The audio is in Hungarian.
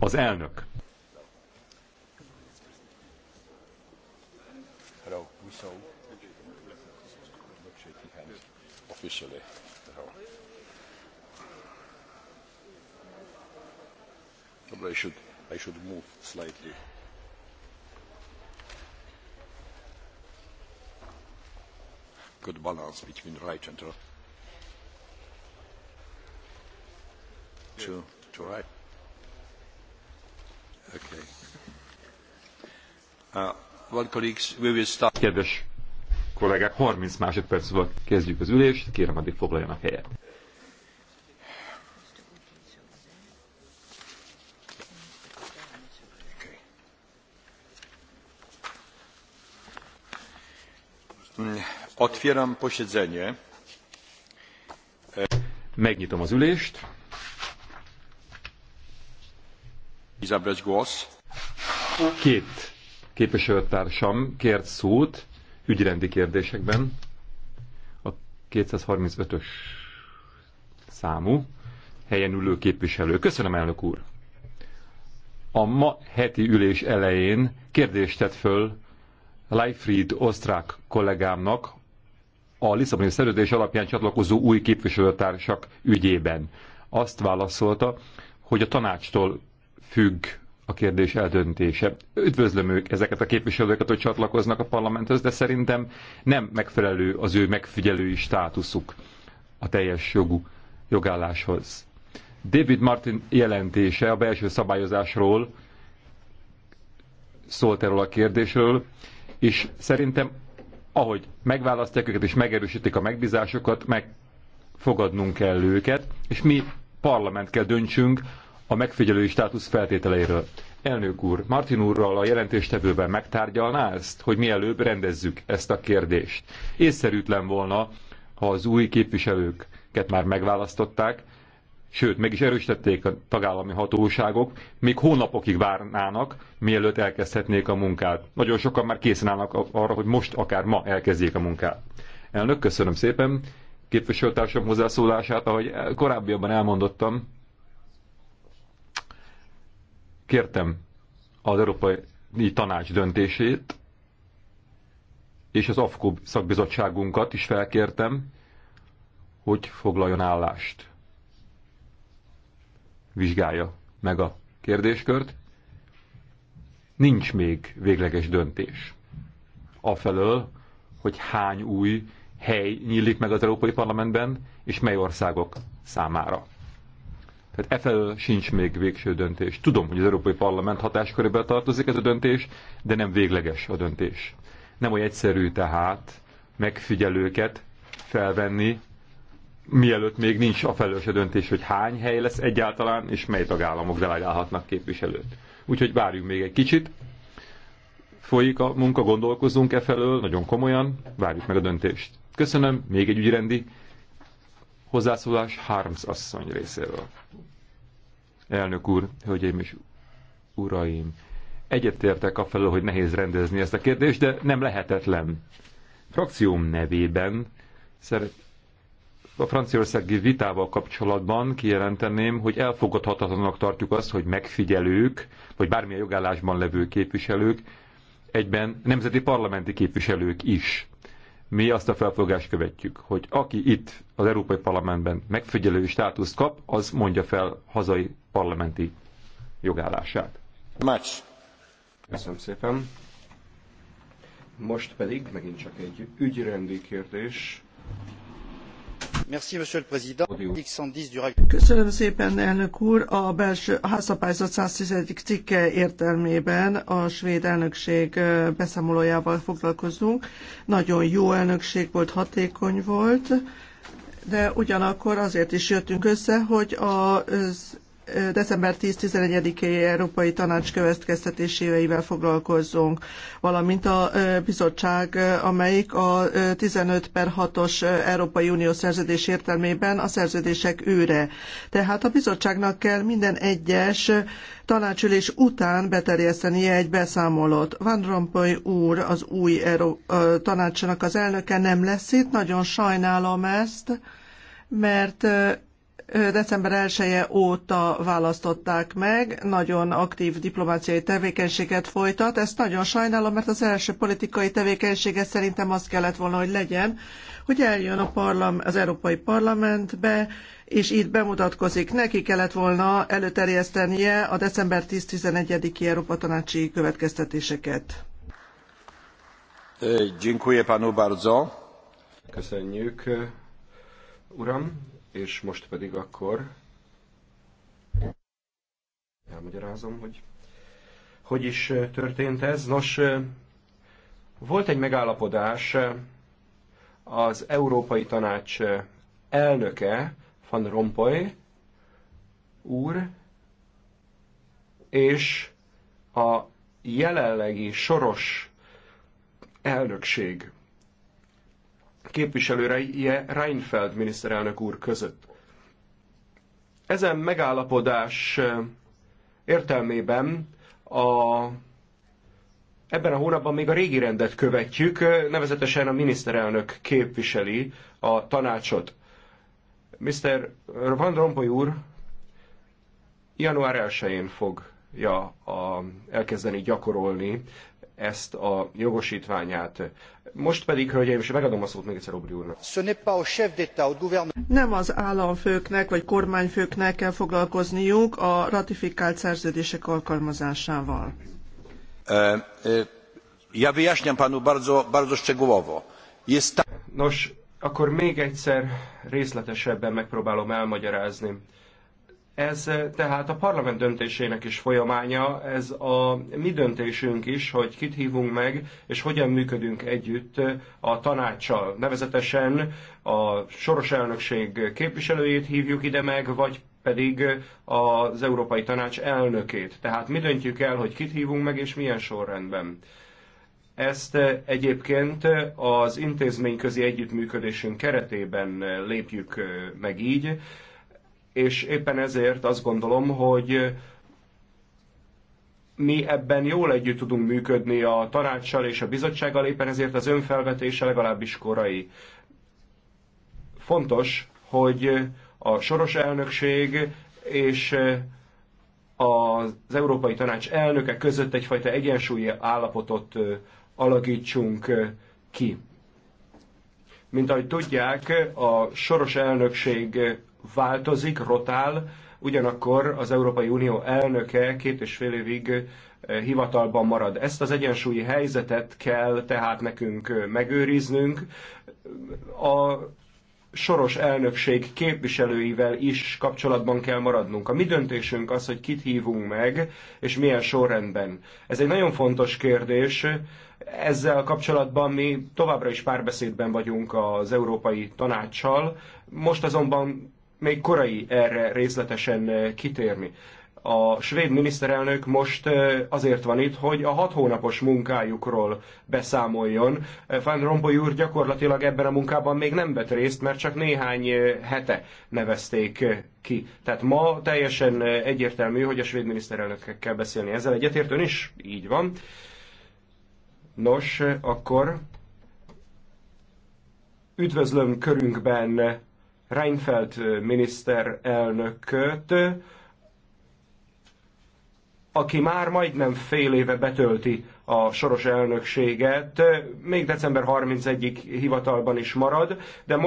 Az elnök. Probably I should, I should move slightly. Good balance between right and left. to, to write. Okay. Uh, well, colleagues, we will start. Kedves kollégák, 30 másodperc volt. Kezdjük az ülést, kérem addig foglaljanak helyet. Otwieram posiedzenie. Megnyitom az ülést. zabrać głos. Két képviselőtársam kért szót ügyrendi kérdésekben. A 235-ös számú helyen ülő képviselő. Köszönöm, elnök úr! A ma heti ülés elején kérdést tett föl Leifried osztrák kollégámnak a Lisszaboni szerződés alapján csatlakozó új képviselőtársak ügyében. Azt válaszolta, hogy a tanácstól függ a kérdés eldöntése. Üdvözlöm ők, ezeket a képviselőket, hogy csatlakoznak a parlamenthez, de szerintem nem megfelelő az ő megfigyelői státuszuk a teljes jogú jogálláshoz. David Martin jelentése a belső szabályozásról szólt erről a kérdésről, és szerintem ahogy megválasztják őket és megerősítik a megbízásokat, megfogadnunk kell őket, és mi parlament kell döntsünk, a megfigyelői státusz feltételeiről. Elnök úr, Martin úrral a jelentéstevőben megtárgyalná ezt, hogy mielőbb rendezzük ezt a kérdést. Észszerűtlen volna, ha az új képviselőket már megválasztották, sőt, meg is erősítették a tagállami hatóságok, még hónapokig várnának, mielőtt elkezdhetnék a munkát. Nagyon sokan már készen állnak arra, hogy most, akár ma elkezdjék a munkát. Elnök, köszönöm szépen képviselőtársam hozzászólását, ahogy korábbiabban elmondottam, kértem az Európai Tanács döntését, és az AFKO szakbizottságunkat is felkértem, hogy foglaljon állást. Vizsgálja meg a kérdéskört. Nincs még végleges döntés. Afelől, hogy hány új hely nyílik meg az Európai Parlamentben, és mely országok számára. Tehát efelől sincs még végső döntés. Tudom, hogy az Európai Parlament hatáskörébe tartozik ez a döntés, de nem végleges a döntés. Nem olyan egyszerű tehát megfigyelőket felvenni, mielőtt még nincs a felelős a döntés, hogy hány hely lesz egyáltalán, és mely tagállamok delegálhatnak képviselőt. Úgyhogy várjunk még egy kicsit. Folyik a munka, gondolkozunk e felől, nagyon komolyan, várjuk meg a döntést. Köszönöm, még egy ügyrendi Hozzászólás Harms asszony részéről. Elnök úr, hölgyeim és uraim, egyetértek a felől, hogy nehéz rendezni ezt a kérdést, de nem lehetetlen. Frakcióm nevében szeret, a franciaországi vitával kapcsolatban kijelenteném, hogy elfogadhatatlanak tartjuk azt, hogy megfigyelők, vagy bármilyen jogállásban levő képviselők, egyben nemzeti parlamenti képviselők is mi azt a felfogást követjük, hogy aki itt az Európai Parlamentben megfigyelő státuszt kap, az mondja fel hazai parlamenti jogállását. Mács. Köszönöm szépen. Most pedig megint csak egy ügyrendi kérdés. Köszönöm szépen, elnök úr! A belső házszabályzat 110. cikke értelmében a svéd elnökség beszámolójával foglalkozunk. Nagyon jó elnökség volt, hatékony volt, de ugyanakkor azért is jöttünk össze, hogy az december 10-11-i Európai Tanács következtetéseivel foglalkozzunk, valamint a bizottság, amelyik a 15 per 6-os Európai Unió szerződés értelmében a szerződések őre. Tehát a bizottságnak kell minden egyes tanácsülés után beterjesztenie egy beszámolót. Van Rompuy úr, az új Euró- tanácsnak az elnöke nem lesz itt, nagyon sajnálom ezt, mert december 1 -e óta választották meg, nagyon aktív diplomáciai tevékenységet folytat. Ezt nagyon sajnálom, mert az első politikai tevékenysége szerintem az kellett volna, hogy legyen, hogy eljön a parlam, az Európai Parlamentbe, és itt bemutatkozik. Neki kellett volna előterjesztenie a december 10-11-i Európa Tanácsi következtetéseket. Köszönjük, uram és most pedig akkor elmagyarázom, hogy hogy is történt ez. Nos, volt egy megállapodás az Európai Tanács elnöke, Van Rompuy úr, és a jelenlegi soros elnökség képviselője Reinfeld miniszterelnök úr között. Ezen megállapodás értelmében a, ebben a hónapban még a régi rendet követjük, nevezetesen a miniszterelnök képviseli a tanácsot. Mr. Van Rompuy úr január 1-én fogja a, elkezdeni gyakorolni ezt a jogosítványát. Most pedig, hölgyeim, és megadom a szót még egyszer Obri úrnak. Nem az államfőknek vagy kormányfőknek kell foglalkozniuk a ratifikált szerződések alkalmazásával. Ja panu bardzo, bardzo szczegółowo. Nos, akkor még egyszer részletesebben megpróbálom elmagyarázni. Ez tehát a parlament döntésének is folyamánya, ez a mi döntésünk is, hogy kit hívunk meg, és hogyan működünk együtt a tanácssal. Nevezetesen a soros elnökség képviselőjét hívjuk ide meg, vagy pedig az Európai Tanács elnökét. Tehát mi döntjük el, hogy kit hívunk meg, és milyen sorrendben. Ezt egyébként az intézményközi együttműködésünk keretében lépjük meg így és éppen ezért azt gondolom, hogy mi ebben jól együtt tudunk működni a tanácssal és a bizottsággal, éppen ezért az önfelvetése legalábbis korai. Fontos, hogy a soros elnökség és az Európai Tanács elnöke között egyfajta egyensúlyi állapotot alakítsunk ki. Mint ahogy tudják, a soros elnökség változik, rotál, ugyanakkor az Európai Unió elnöke két és fél évig eh, hivatalban marad. Ezt az egyensúlyi helyzetet kell tehát nekünk eh, megőriznünk. A soros elnökség képviselőivel is kapcsolatban kell maradnunk. A mi döntésünk az, hogy kit hívunk meg, és milyen sorrendben. Ez egy nagyon fontos kérdés. Ezzel kapcsolatban mi továbbra is párbeszédben vagyunk az Európai Tanácssal. Most azonban még korai erre részletesen eh, kitérni. A svéd miniszterelnök most eh, azért van itt, hogy a hat hónapos munkájukról beszámoljon. Eh, van Rompuy úr gyakorlatilag ebben a munkában még nem vett részt, mert csak néhány hete nevezték ki. Tehát ma teljesen egyértelmű, hogy a svéd miniszterelnökkel kell beszélni. Ezzel egyetért ön is? Így van. Nos, akkor üdvözlöm körünkben Reinfeldt miniszterelnököt, aki már majdnem fél éve betölti a soros elnökséget, még december 31-ig hivatalban is marad, de most